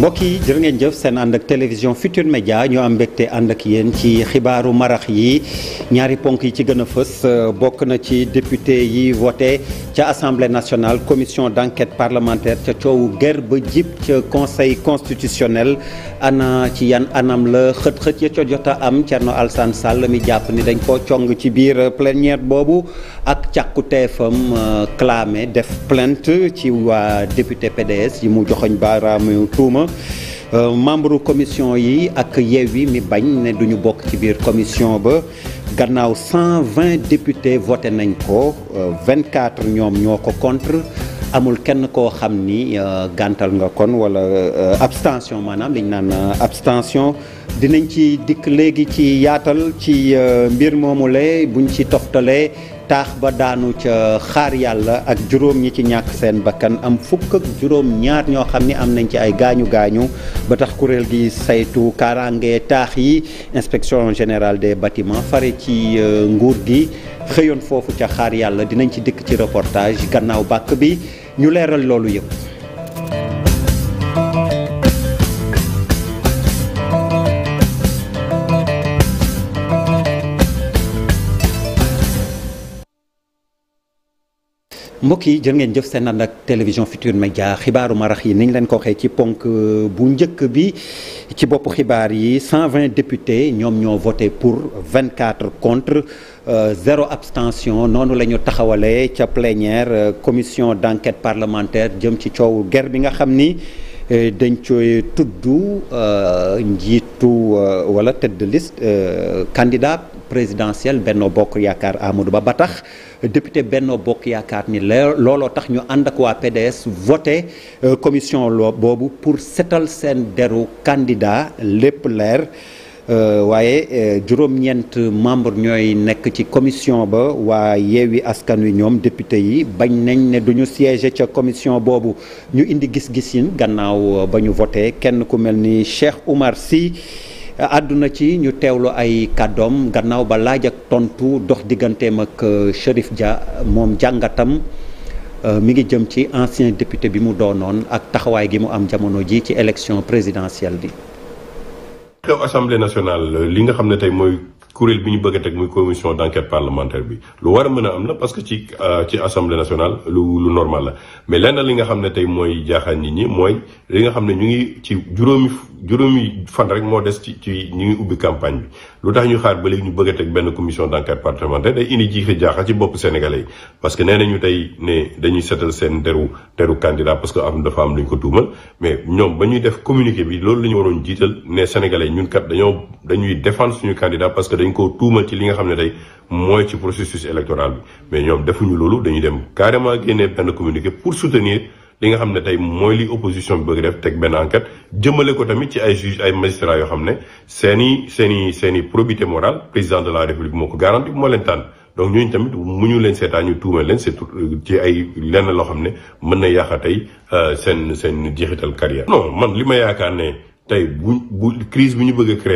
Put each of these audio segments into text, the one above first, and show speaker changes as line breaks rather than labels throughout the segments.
mbokk yi jërë ngeen jëf seen ànd ak télévision Futur Média ñoo am mbégte ànd ak yéen ci xibaaru marax yi ñaari ponk yi ci gën a fës euh, bokk na ci député yi voté ca assemblée nationale commission d' enquête parlementaire ca coowu guerre ba jib ca conseil constitutionnel ana ci yan anam la xët-xët ya ca a am Thierno Alassane Sall mi jàpp ni dañ ko cong ci biir plénière boobu ak càkkuteefam euh, clamé def plainte ci waa député PDS yi mu joxoñ baaraamu tuuma Euh, membre commission yi ak yi mi bañ ne duñu bokk ci biir commission ba gannaaw 120 députés voté nañ ko 24 euh, ñoom ñoo ko contre amul kenn koo xam ni euh, gàntal nga kon wala abstention maanaam liñ naan abstention dinañ ci dikk léegi ci yaatal ci mbir moomule buñ ci toftalee taax ba daanu ca xaar yàlla ak juróom ñi ci ñàkk seen bakkan am fukk ak juróom ñaar ñoo xam ni am nañ ci ay gaañu gaañu ba tax kuréel gi saytu kaaraange taax yi inspection générale de bâtiments fare ci euh, nguur gi xëyoon foofu ca xaar yàlla dinañ ci dikk ci reportage gannaaw bàkk bi ñu leeral loolu yëpp. mbokk yi jërë ngeen jëf seen ànd ak télévision Futur Média xibaaru marax yi ni ñu leen ko waxee ci ponk bu njëkk bi ci boppu xibaar yi 120 députés ñoom ñoo voté pour 24 contre euh, zéro abstention noonu la ñu taxawalee ca plénière euh, commission d'enquête parlementaire jëm ci coowu ger bi nga xam ni euh, dañ cooy tudd njiitu wala tête de liste candidat présidentiel Benno Bokk Yaakaar Amadou Ba ba tax. député Benno Bokk Yaakaar ni looloo tax ñu ànd ak waa PDS voté euh, commission loo boobu pour setal seen deru candidat lépp leer euh, waaye euh, juróom-ñeent membre ñooy nekk ci commission ba waa yeewi askan wi ñoom député yi bañ nañ ne duñu ñu ca commission boobu ñu indi gis-gis yin gannaaw ba ñu voté kenn ku mel ni Cheikh Oumar Sy àdduna ci ñu teewlu ay kàddoom gannaaw ba laaj ak tontu dox digganteem ak euh, Chérif Dia moom jàngatam euh, mu ngi jëm ci ancien député bi mu doonoon ak taxawaay gi mu am jamono ji ci élection présidentielle bi.
assemblée nationale li nga xam ne tey mooy kuréel bi ñu bëgg a teg muy commission d' enquête parlementaire bi lu war a mën a am la parce que ci euh, ci assemblée nationale lu lu normal la mais lenn li nga xam ne tey mooy jaaxal nit ñi mooy li nga xam ne ñu ngi ci juróomi juróomi fan rek moo des ci ci ñu ngi ubbi campagne bi. lu tax ñu xaar ba léegi ñu bëgg teg benn commission d'enquête parlementaire day indi jiixi jaaxa ci bopp sénégalais yi parce que nee nañu tey ne dañuy seetal seen teru teru candidat parce que am dafa am lu ñu ko tuumal mais ñoom ba ñuy def communiqué bi loolu la ñu waroon jiital ne sénégalais ñun kat dañoo dañuy défendre suñu candidat parce que dañ koo tuumal ci li nga xam ne tey mooy ci processus électoral bi mais ñoom defuñu loolu dañuy dem carrément génnee benn communiqué pour soutenir li nga xam ne tey mooy li opposition bi bëgg def teg benn enquête jëmale ko tamit ci ay juge ay magistrats yoo xam ne seen i seen i seen i probité morale président de la république moo ko garanti moo leen tànn donc ñooñu tamit mu ñu leen seetaan ñu tuumal leen c'est euh, ci ay lenn loo xam ne mën na a tey euh, seen seen jeexital carrière non man li ma yaakaar ne tey bu bu crise bi ñu bëgg a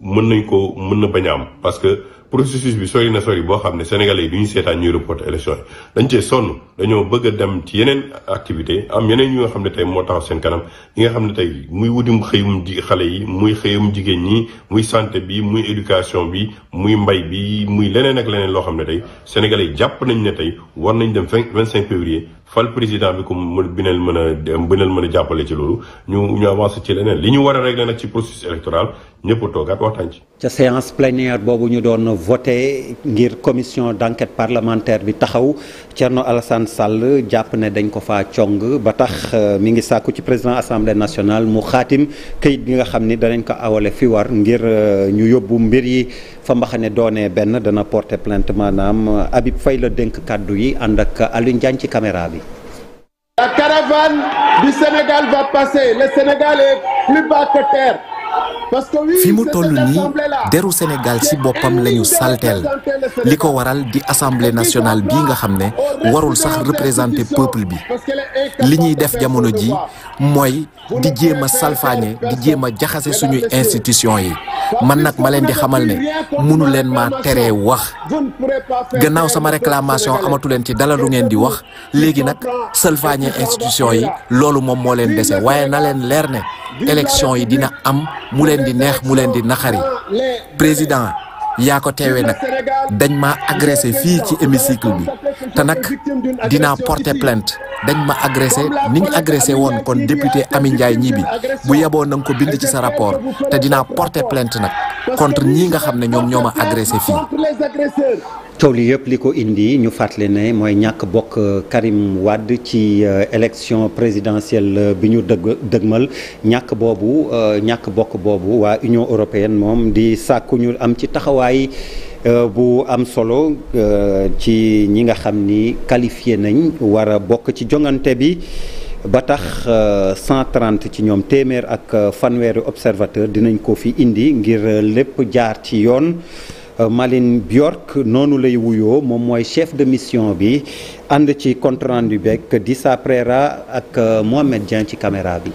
mën nañ ko mën na bañ a que processus bi sori na sori boo xam ne sénégalais yi du ñu seetaan ñuy reporter élection yi dañ cee sonn dañoo bëgg a dem ci yeneen activité am yeneen yi nga xam ne tey moo tax seen kanam yi nga xam ne tey muy wutum xëyum ji xale yi muy xëyum jigéen ñi muy santé bi muy éducation bi muy mbay bi muy leneen ak leneen loo xam ne tey sénégalais yi jàpp nañ ne tey war nañ dem vingt cinq février fal président bi comme bi neen mën a bi neen mën a jàppale ci loolu ñu ñu avancé ci leneen li ñu war a régler nag ci processus électoral ñëpp a toogaat waxtaan ci.
ca séance plénière boobu ñu doon voté ngir commission d' enquête parlementaire bi taxaw Thierno Alassane Sall jàpp ne dañ ko fa cong ba tax euh, mi ngi sàkku ci président assemblée nationale mu xaatim këyit bi nga xam ni danañ ko awale fi war ngir euh, ñu yóbbu mbir yi fa mbaxane doonee benn dana porter plainte maanaam euh, Habib Faye la dénk kàddu yi ànd ak Alioune ci caméra bi.
La caravane du Sénégal va passer. Le Sénégal plus bas que terre. parce que oui
fi mu toll nii
deru Sénégal ci boppam
lañu ñu salteel li ko waral di assemblée nationale bi nga xam ne warul sax représenter peuple bi li ñuy def jamono ji mooy di jéem a salfaañe di jéem a jaxase suñuy institution yi man nag ma leen di xamal ne munu leen maa teree wax gannaaw sama réclamation amatu leen ci dala lu ngeen di wax léegi nag salfaañe institution yi loolu moom moo leen dese waaye na leen leer ne élection yi dina am mu leen di neex mu leen di naxari président yaa ko teewee nag dañ ma agressé fii ci hémicycle bi te nag dinaa porter plainte dañ ma agressé ni ñu woon kon député ami Ndiaye ñii bi bu yeboon na ko bind ci sa rapport te dinaa porter plainte nag contre ñii nga xam ne ñoom ñoo ma agressé fii
coow li yëpp li ko indi ñu fàttali ne mooy ñàkk bokk euh, Karim Wade ci euh, élection présidentielle euh, bi ñu dëgg dëgmal ñàkk boobu ñàkk bokk boobu waa Union européenne moom di sàkku ñu am ci taxawaay bu am solo ci ñi nga xam ni kalifie nañ war a bokk ci joŋante bi ba tax 130 ci ñoom téeméer ak fanweeri observateur dinañ ko fi indi ngir lépp jaar ci yoon. Euh, Malin Bjork noonu lay wuyoo moom mooy chef de mission bi ànd ci compte rendu beeg Dissa Prera ak euh, Mohamed Dieng ci caméra bi.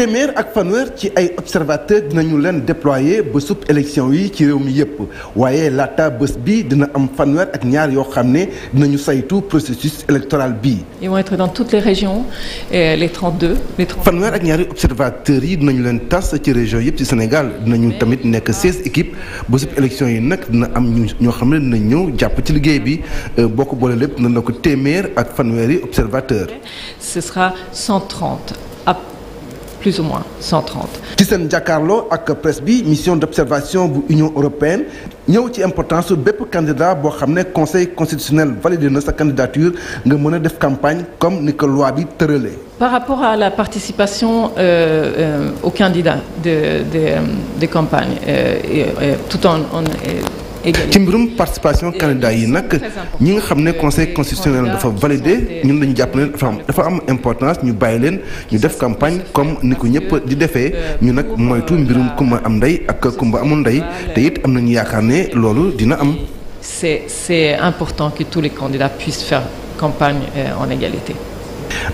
téeméer ak fanweer ci ay observateur dinañu leen déployer ba sub élection yi ci réew mi yëpp waaye laata bés bi dina am fanweer ak ñaar yoo xam ne dinañu saytu processus électoral bi.
ils vont être dans toutes les régions et euh, les 32 les 32. fanweer
ak ñaari observateurs yi dinañu leen tas ci région yëpp ci Sénégal dinañu tamit nekk 16 équipes ba sub élection yi nag dina am ñu ñoo xam ne dina ñëw jàpp ci liggéey bi euh, boo ko boole lépp dina ko téeméer ak fanweer fanweeri observateur.
ce sera 130. plus ou moins 130.
ci seen jàkkaarloo ak presse bi mission d' observation bu Union européenne ñëw ci importance su bépp candidat boo xam ne conseil constitutionnel validé na sa candidature nga mën a def campagne comme ni ko loi bi tëralee.
par rapport à la participation euh, euh, aux candidats de euh, campagne euh, euh, tout en, en ci
mbirum participation candidat yi nag ñi nga xam ne conseil constitutionnel dafa validé ñun dañu jàpp ne dafa am importance ñu bàyyi leen ñu def campagne comme ni ko ñëpp di defee ñu nag moytu mbirum kumba am ndey ak kumba amul ndey te it am nañu yaakaar ne loolu dina am.
c'est c'est important que tous les candidats puissent faire campagne euh, en égalité.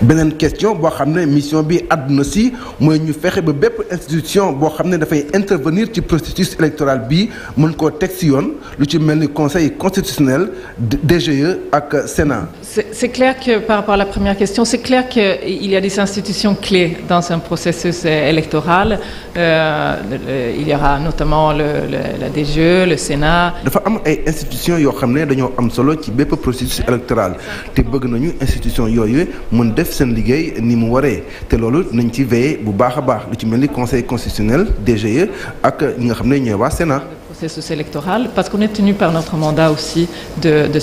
beneen question boo xam ne mission bi àdduna si mooy ñu fexe ba bépp institution boo xam ne dafay intervenir ci processus électoral bi mën koo teg si yoon lu ci mel ni conseil constitutionnel DGE ak Sénat.
C'est clair que par rapport à la première question, c'est clair qu'il y a des institutions clés dans un processus euh, électoral. Euh, euh, il y aura notamment le, le la DGE, le Sénat.
dafa am ay institutions yoo xam ne dañoo am solo ci bépp processus électoral te bëgg nañu institution yooyu mën def seen liggéey ni mu waree te loolu nañ ci veiller bu baax a baax lu ci mel ni conseil constitutionnel DGE ak ñi nga xam ne ñooy waa Sénat.
processus électoral parce qu'on est tenu par notre mandat aussi de ne de,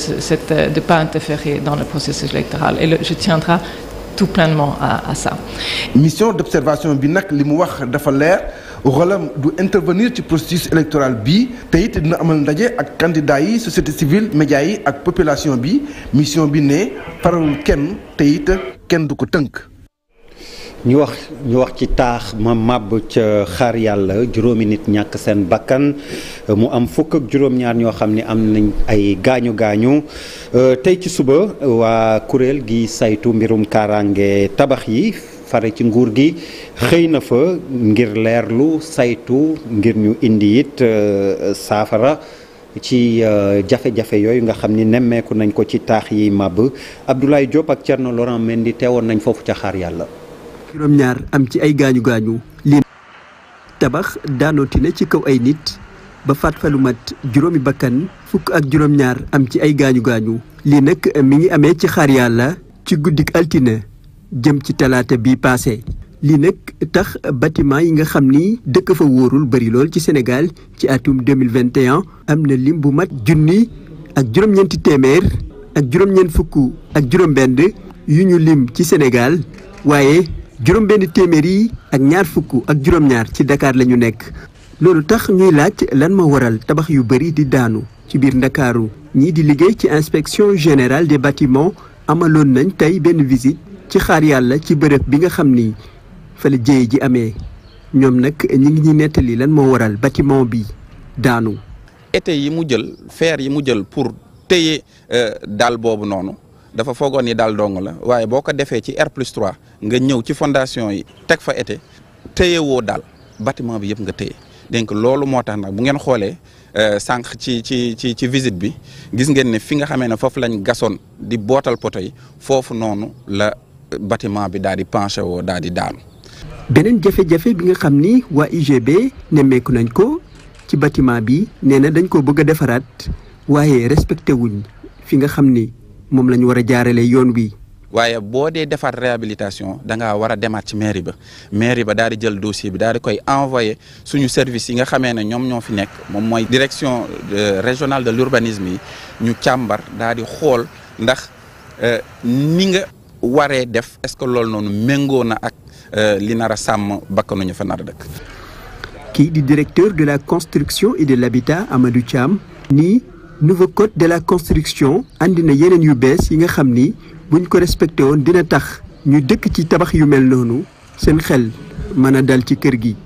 euh, de pas interférer dans le processus électoral et le, je tiendrai tout pleinement à, à ça.
mission d'observation bi nag li mu wax dafa leer xolam du intervenir ci processus électoral bi te it dina amal ndaje ak candidats yi société civile médias yi ak population bi mission
bi ne faral kenn te it kenn du ko tënk. ñu wax ñu wax ci taax ma màbb ca xaar yàlla juróomi nit ñàkk seen bakkan mu am fukk ak juróom-ñaar ñoo xam ni am nañ ay gaañu gaañu euh, tey ci suba waa kuréel gi saytu mbirum kaaraange tabax yi fare ci nguur gi xëy na fa ngir leerlu saytu ngir ñu indi it euh, saafara ci euh, jafe-jafe yooyu nga xam ni nemmeeku nañ ko ci taax yi màbb Abdoulaye Diop ak Thierno mel ni teewoon nañ foofu ca xaar yàlla
juróom am ci ay gaañu gaañu lii tabax ci kaw ay nit ba faat mat juróomi bakkan fukk ak juróom am ci ay gaañu lii nag mi ngi amee ci xaar yàlla ci guddik altine jëm ci talaata bi paase lii nag tax bâtiment yi nga xam ni dëkk fa wóorul bari lool ci Sénégal ci atum 2021 am na lim bu mat junni ak téeméer ak juróom-ñeent ak juróom-benn yu ñu lim ci Sénégal waaye juróom benn téeméer ak ñaar fukk ak juróom-ñaar ci Dakar la ñu nekk loolu tax ñuy laaj lan moo waral tabax yu bëri di daanu ci biir Ndakaaru ñii di liggéey ci inspection générale de bâtiments amaloon nañ tey benn visite ci xaar yàlla ci bërëb bi nga xam ni fa la ji amee ñoom nag ñi ngi ñuy nettali lan moo waral bâtiment bi daanu
été yi mu jël fer yi mu jël pour téye euh, daal boobu noonu dafa foogoon ni daal dong la waaye boo ko defee ci R plus 3 nga ñëw ci fondation yi teg fa été téye woo daal batiment bi yëpp nga téye donc loolu moo tax nag bu ngeen xoolee euh, sànq ci ci ci ci visite bi gis ngeen ne fi nga xamee ne foofu lañ gasoon di bootal poto yi foofu noonu la euh, batiment bi daal di penché woo daal di daanu.
beneen jafe-jafe bi nga xam ni waa UGB nemmeeku nañ ko ci batiment bi nee na dañ ko bëgg a defaraat waaye respecté wuñ fi nga xam ni. moom la ñu war a jaareele yoon wi.
waaye boo dee defaat réhabilitation da ngaa war a demaat ci mairie ba mairie ba daal di jël dossier bi daal di koy envoyé suñu service yi nga xamee ne ñoom ñoo fi nekk moom mooy direction euh, régionale de l'urbanisme yi ñu càmbar daal di xool ndax euh, ni nga waree def est-ce que loolu noonu méngoo na ak euh, li nar a sàmm bakkanu ñu fa nar a dëkk.
kii di directeur de la construction et de l'habitat Amadou Thiam nouveau code de la construction andi na yeneen yu bees yi nga xam ni bu buñ ko respecté woon dina tax ñu dëkk ci tabax yu mel noonu seen xel mën a dal ci kër gi.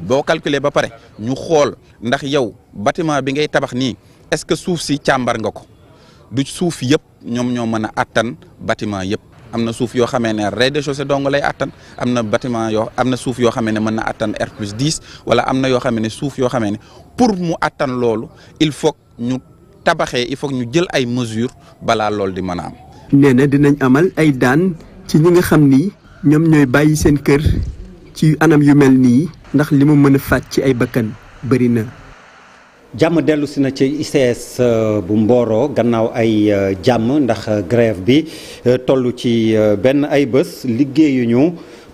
boo calculer ba pare ñu xool ndax yow bâtiment bi ngay tabax nii est-ce que suuf si càmbar nga ko du suuf yëpp ñoom ñoo mën a attan bâtiment yëpp. am na suuf yoo xamee ne rez-de-chaussée dong lay attan am na bâtiment yoo am na suuf yoo xamee ne mën na attan R plus 10 wala am na yoo xamee ne suuf yoo xamee ne pour mu attan loolu il faut ñu. tabaxee il faut ñu jël ay mesures balaa loolu di mën a am.
nee dinañ amal ay daan ci ñi nga xam ni ñoom ñooy bàyyi seen kër ci anam yu mel nii ndax li mu mën a faat ci ay bakkan bëri na.
jàmm dellu si na ci ICS euh, bu Mboro gannaaw ay euh, jàmm ndax euh, grève bi toll ci benn ay bés liggéeyuñu.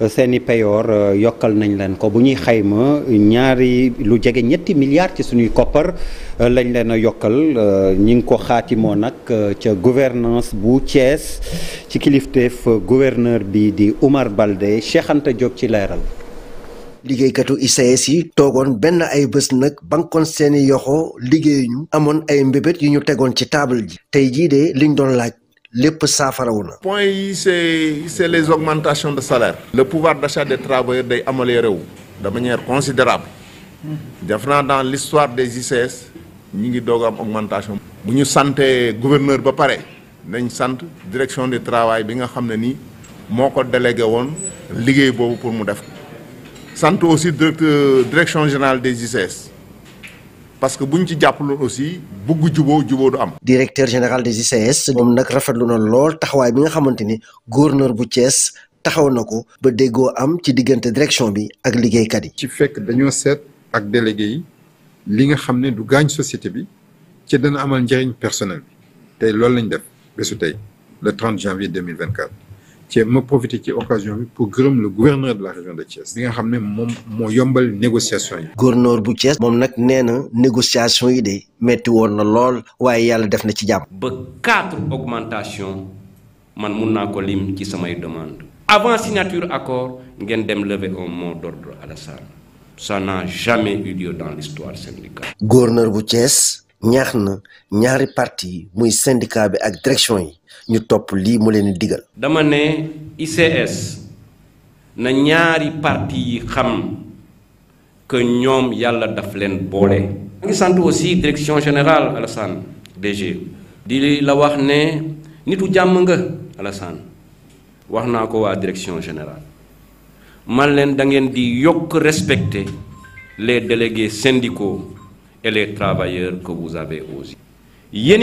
seeni payoor euh, yokkal nañ leen ko bu ñuy xayma ñaari lu jege ñetti milliards ci suñuy koppar euh, lañ leen a yokkal euh, ñi ngi ko xaatimoo nag ca gouvernance bu Thiès ci kilifteef gouverneur bi di Oumar Balde Cheikh Anta ci leeral
liggéeykatu ICS yi toogoon benn ay bés nag bankoon seeni yoxo liggéeyuñu amoon ay mbébét yu ñu tegoon ci taabal ji tey jii de liñ doon laaj lépp saafarawu na.
point yi c'est c'est les augmentations de salaire. le pouvoir d'achat des travailleurs day amélioré wu de manière considérable def naa dans l'histoire des ICS ñu ngi doog am augmentation. bu ñu sante gouverneur ba pare nañ sant direction de travail bi nga xam ne nii moo ko délégué woon liggéey boobu pour mu def sant aussi directeur direction générale des ICS. parce que bu ñu ci jàppaloon aussi
bugg juboo juboo du am. directeur général des ICS moom nag rafetlu na lool taxawaay bi nga xamante ni gouverneur bu Thiès taxaw na ko ba déggoo am ci diggante direction
bi ak liggéeykat yi. ci fekk dañoo seet ak délégué yi li nga xam ne du gaañ société bi ci dana amal njëriñ personnel bi tey loolu lañ def bésu tey le 30 janvier 2024. ci ma profité ci occasion bi pour gërëm le gouverneur de la région de Thiès. bi nga xam ne moom moo yombal négociation yi. gouverneur bu Thiès. moom nag nee na négociation
yi de metti woon na lool waaye yàlla def na ci jàmm.
ba quatre augmentation man mun naa ko lim ci samay demande avant signature accord ngeen dem lever un mot d'ordre à la salle ça n'a jamais eu dans l'histoire syndicale.
gouverneur bu Thiès ñaax na ñaari parti muy syndicat bi ak direction yi. ñu topp lii mu leen digal.
dama ne ICS na ñaari parti yi xam que ñoom yàlla daf leen boole. maa ngi sant aussi direction générale Alassane DG. di la wax ne nitu jàmm nga Alassane wax naa ko waa direction générale man leen da ngeen di yokk respecter les délégués syndicaux et les travailleurs que vous avez aussi yéen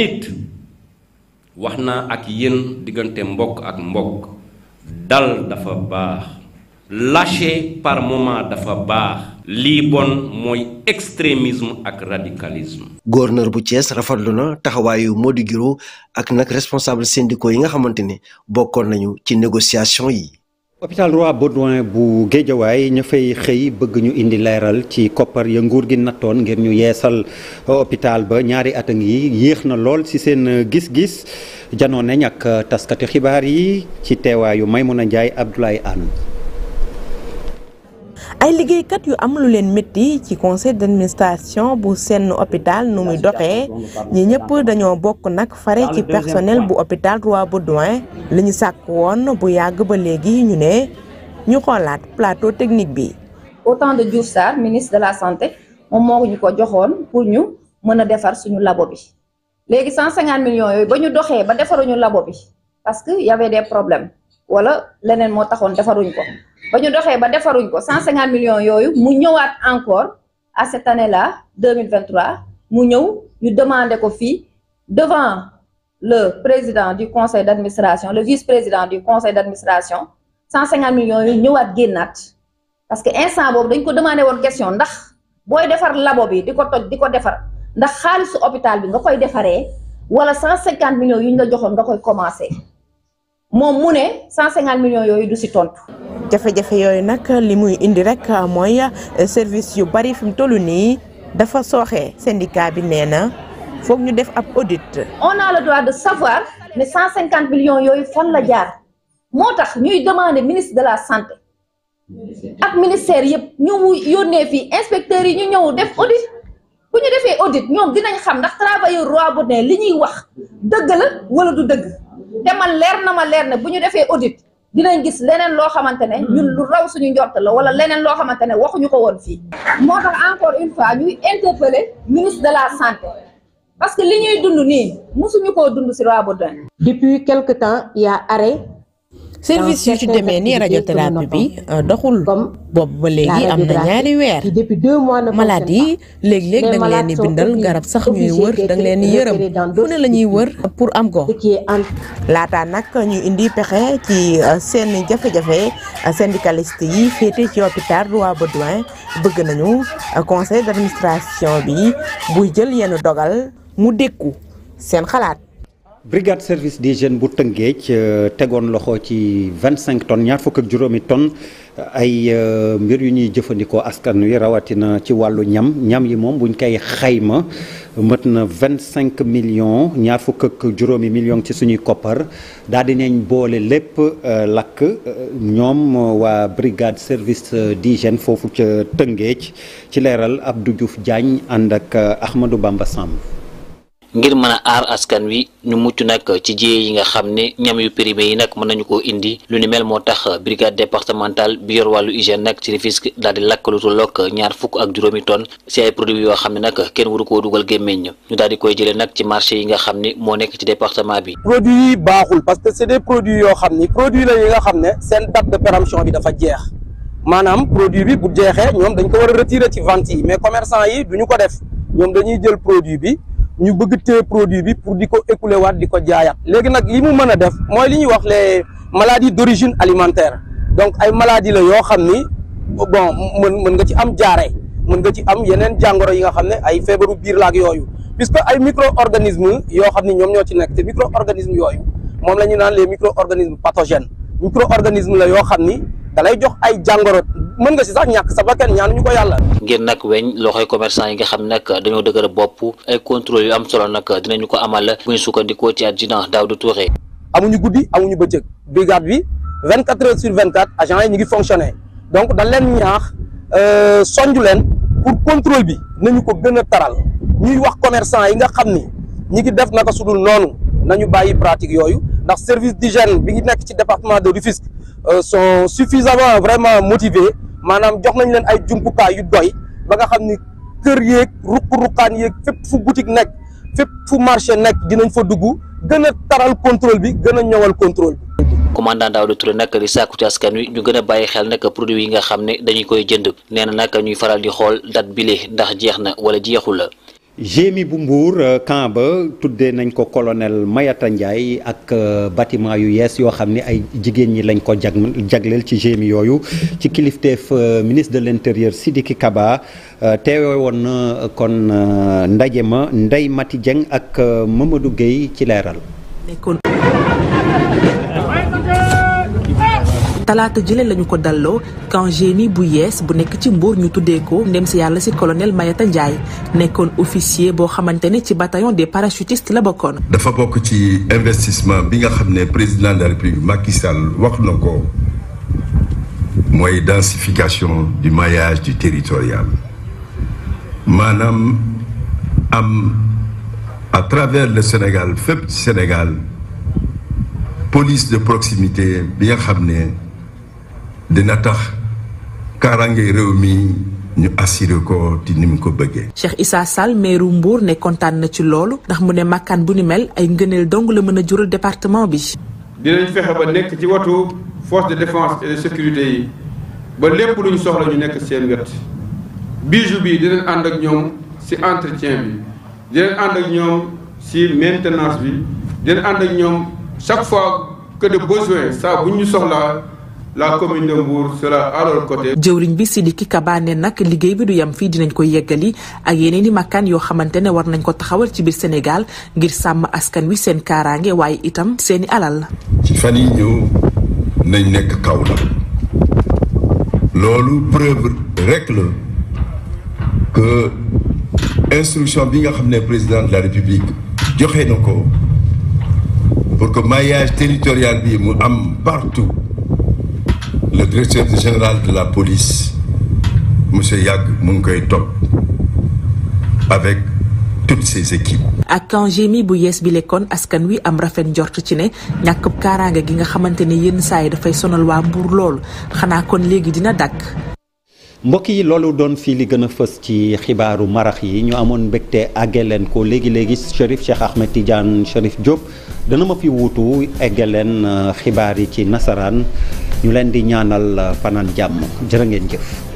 wax naa ak yenn diggante mbokk ak mbokk dal dafa baax lâcher par moment dafa baax lii bon mooy extrémisme ak radicalisme.
gouverneur bu Thiès rafetlu na taxawaayu Mody Guiro ak nag responsable syndicaux yi nga xamante ne bokkoon nañu ci négociation yi.
hôpital Roi Baudouin bu Géejawaay ña fay xëy bëgg ñu indi leeral ci koppar ya nguur gi nattoon ngir ñu yeesal hôpital ba ñaari at yi ngi yéex na lool ci seen gis-gis janoo nañ ak taskati xibaar yi ci teewaayu Maymuna Njaay Abdoulaye Anne
ay liggéeykat yu am lu leen métti ci conseil d'administration bu seen hôpital nu muy doxee ñi ñëpp dañoo bokk nag fare ci personnel bu hôpital Roi Baudouin li ñu sàkk woon bu yàgg ba léegi ñu ne ñu xoolaat plateau technique bi.
au temps de Diouf Sarr ministre de la santé moom moo ñu ko joxoon pour ñu mën a defar suñu labo bi léegi 150 millions yooyu ba ñu doxee ba defaruñu labo bi parce que y avait problème wala leneen moo taxoon defaruñu ko. ba ñu doxee ba defaruñ ko 150 millions yooyu mu ñëwaat encore à cette année là 2023 mu ñëw ñu demandé ko fii devant le président du conseil d'administration le vice-président du conseil d'administration 150 millions yu ñëwaat génnaat parce que instant boobu dañ ko demandé woon question ndax booy defar labo bi di ko toj di ko defar ndax xaalisu hôpital bi nga koy defaree wala 150 millions yu ñu la joxoon nga koy commencer. moom mu ne 150 millions yooyu du si tontu. jafe-jafe yooyu nag li muy
indi rek euh, mooy euh, service yu bari fi mu toll nii dafa sooxe syndicat bi nee na foog ñu def ab audit.
on a le droit de savoir ne 150 millions yooyu fan la jaar moo tax ñuy demande ministre de la santé ak ministère yëpp ñu yónnee fii inspecteurs yi ñu ñëw def audit. bu ñu defee audit ñoom dinañ xam ndax travailleur roi bu ne li ñuy wax dëgg la wala du dëgg. te man leer na ma leer ne bu ñu defee audit dina gis leneen loo xamante ne ñun lu raw suñu njort la wala leneen loo xamante ne waxuñu ko woon fii moo tax encore une fois ñuy interpeller ministre de la santé parce que li ñuy dund nii mësuñu koo dund ci Roi Baudouin depuis quelque temps y a
service yu ci demee ni radiothérapie bi euh, doxul boobu ba léegi am na ñaari weer malade yi léeg-léeg da nga leen bindal garab sax ñuy wër da leen di yërëm fu ne la ñuy wër pour am ko laataa nag ñu indi pexe ci euh, seen jafe-jafe euh, syndicaliste yi féete ci hôpital Roi Baudouin bëgg nañu conseil d'administration bi buy jël yenn dogal mu dékku seen xalaat
brigade service des jeunes bu Tëngéej euh, tegoon loxo ci vingt cinq tonnes ñaar fukk ak juróomi tonnes ay euh, mbir yu ñuy jëfandikoo askan wi rawatina ci wàllu ñam ñam yi moom buñ koy xayma mët na vingt cinq millions ñaar fukk ci suñuy koppar daal di nañ boole lépp euh, lakk ñoom waa brigade service d'hygiène foofu ca Tëngéej ci leeral ab du Diouf Diagne ànd ak Ahmadou Bamba Samb
ngir mën a aar askan wi ñu mucc nag ci jiyee yi nga xam ne ñam yu périmé yi nag mën nañu koo indi lu ni mel moo tax brigade départementale bi yor wàllu hygiène nag ci Rufisque daal di lakk lu tollook ñaar fukk ak juróomi tonnes si ay produits yoo xam ne nag kenn waru koo dugal gémmiñ ñu daal di koy jëlee nag ci marché yi nga xam ni moo nekk ci département bi.
produits yi baaxul parce que c'est des produits yoo xam ni produits la yi nga xam ne seen date de péremption jeex maanaam produit bi bu jeexee ñoom dañ ko war a retirer yi mais commerçant yi duñu ko def ñoom dañuy jël produit bi ñu bëgg téye produit bi pour di ko écouler waat di ko jaayaat léegi nag li mu mën a def mooy li ñuy wax les maladies d'origine alimentaire donc ay maladies la yoo xam ni bon mën mën nga ci am jaare mën nga ci am yeneen jàngoro yi nga xam ne ay feebaru biir laak yooyu puisque ay micro-organismes yoo xam ni ñoom ñoo ci nekk te micro-organismes yooyu moom la ñu naan les micro-organismes pathogènes micro-organismes la yoo xam ni dalay jox ay jàngoro mën nga si sax ñàkk sa bakkan ñaan ñu ko yàlla
ngir nag weñ loxoy commerçant yi nga xam nag dañoo dëgër bopp ay contrôle yu am solo nag dinañu ko amal bu ñu sukkandikoo ci adjudant Daouda Touré
amuñu guddi amuñu bëccëg brigade bi vingt quatre heures sur vingt quatre agents yi ñu ngi fonctionner donc da leen ñaax euh, sonju leen pour contrôle bi nañu ko gën a taral ñuy wax commerçant yi nga xam ni ñi ngi def naka sudul noonu nañu bàyyi pratique yooyu ndax service d'hygiène bi ngi nekk ci département de Rufisque Euh, son suffisamment vraiment motivés maanaam jox nañ leen ay junkukaay yu doy ba nga xam ni kër yéeg ruq-ruqaan yeeg fépp fu boutique nekk fépp fu marché nekk dinañ fa dugg gën a taral contrôle bi gën a ñëwal contrôle bi.
commandant Daouda Touré nag di sàkku ci askan wi ñu gën a bàyyi xel nag produit yi nga xam ne dañu koy jënd nee na nag ñuy faral di xool date bile ndax jeex na wala jeexul la.
GMI bu mbuur euh, camp ba tuddee nañ ko kolonel Mayata Ndiaye ak euh, bâtiment yu yees yoo xam ni ay jigéen ñi lañ ko jag jagleel ci GMI yooyu ci kilifteef euh, ministre de l'intérieur Sidiki Kaba teewe woon na kon ndaje ma nday Mati Dieng ak Mamadou Gueye ci leeral.
talaata jële lañu ko dalloo congé bu yees bu nekk ci mbuur ñu tuddee ko ndem si yàlla si colonel Mayata Ndiaye nekkoon officier boo xamante ne ci bataillon des parachutistes la bokkoon.
dafa bokk ci investissement bi nga xam ne président de la république Macky Sall na ko mooy densification du maillage du territorial maanaam am à travers le Sénégal fépp Sénégal police de proximité bi nga xam ne. dina tax kaaraange réew mi ñu assuré ko di ni mu ko bëggee.
Cheikh Issa Sall meeru Mbour ne kontaan na ci loolu ndax mu ne makkaan bu ni mel ay ngëneel dong la mën a jural département bi.
dinañ fexe ba nekk ci watu force de défense et de sécurité yi ba lépp lu ñu soxla ñu nekk seen wet bijou bi dinañ ànd ak ñoom ci entretien bi dinañ ànd ak ñoom ci maintenance bi dinañ ànd ak ñoom chaque fois que de saa bu ñu soxlaa. la commune jëwriñ bi
Sidiki Kaba ne nag liggéey bi du yem fii dinañ koy yeggali ak yeneen i makkaan yoo xamante ne war nañ ko taxawal ci biir Sénégal ngir sàmm askan wi seen kaaraange waaye itam seeni alal.
la fan yi ñëw nañ nekk kaw la loolu preuve rek que instruction bi nga xam ne président de la république joxe na ko pour que maillage territorial bi mu am partout. le directeur général de la police monsieur Yag mu ngi koy topp avec toutes ses équipes.
ak congé bu yees bi lekkoon askan wi am rafet njort ci ne ñàkk kaaraanga gi nga xamante ne yenn saa yi dafay sonal waa Mbour loolu xanaa kon léegi dina dàkk.
mbokk yi loolu doon fii li gën a fës ci xibaaru marax yi ñu amoon mbégte àggee leen ko léegi léegi Chérif Cheikh Ahmed Tidiane Chérif Diop dana ma fi wuutu àggee leen euh, xibaar yi ci nasaraan. ñu leen di ñaanal uh, fanaan jàmm jërë ngeen jëf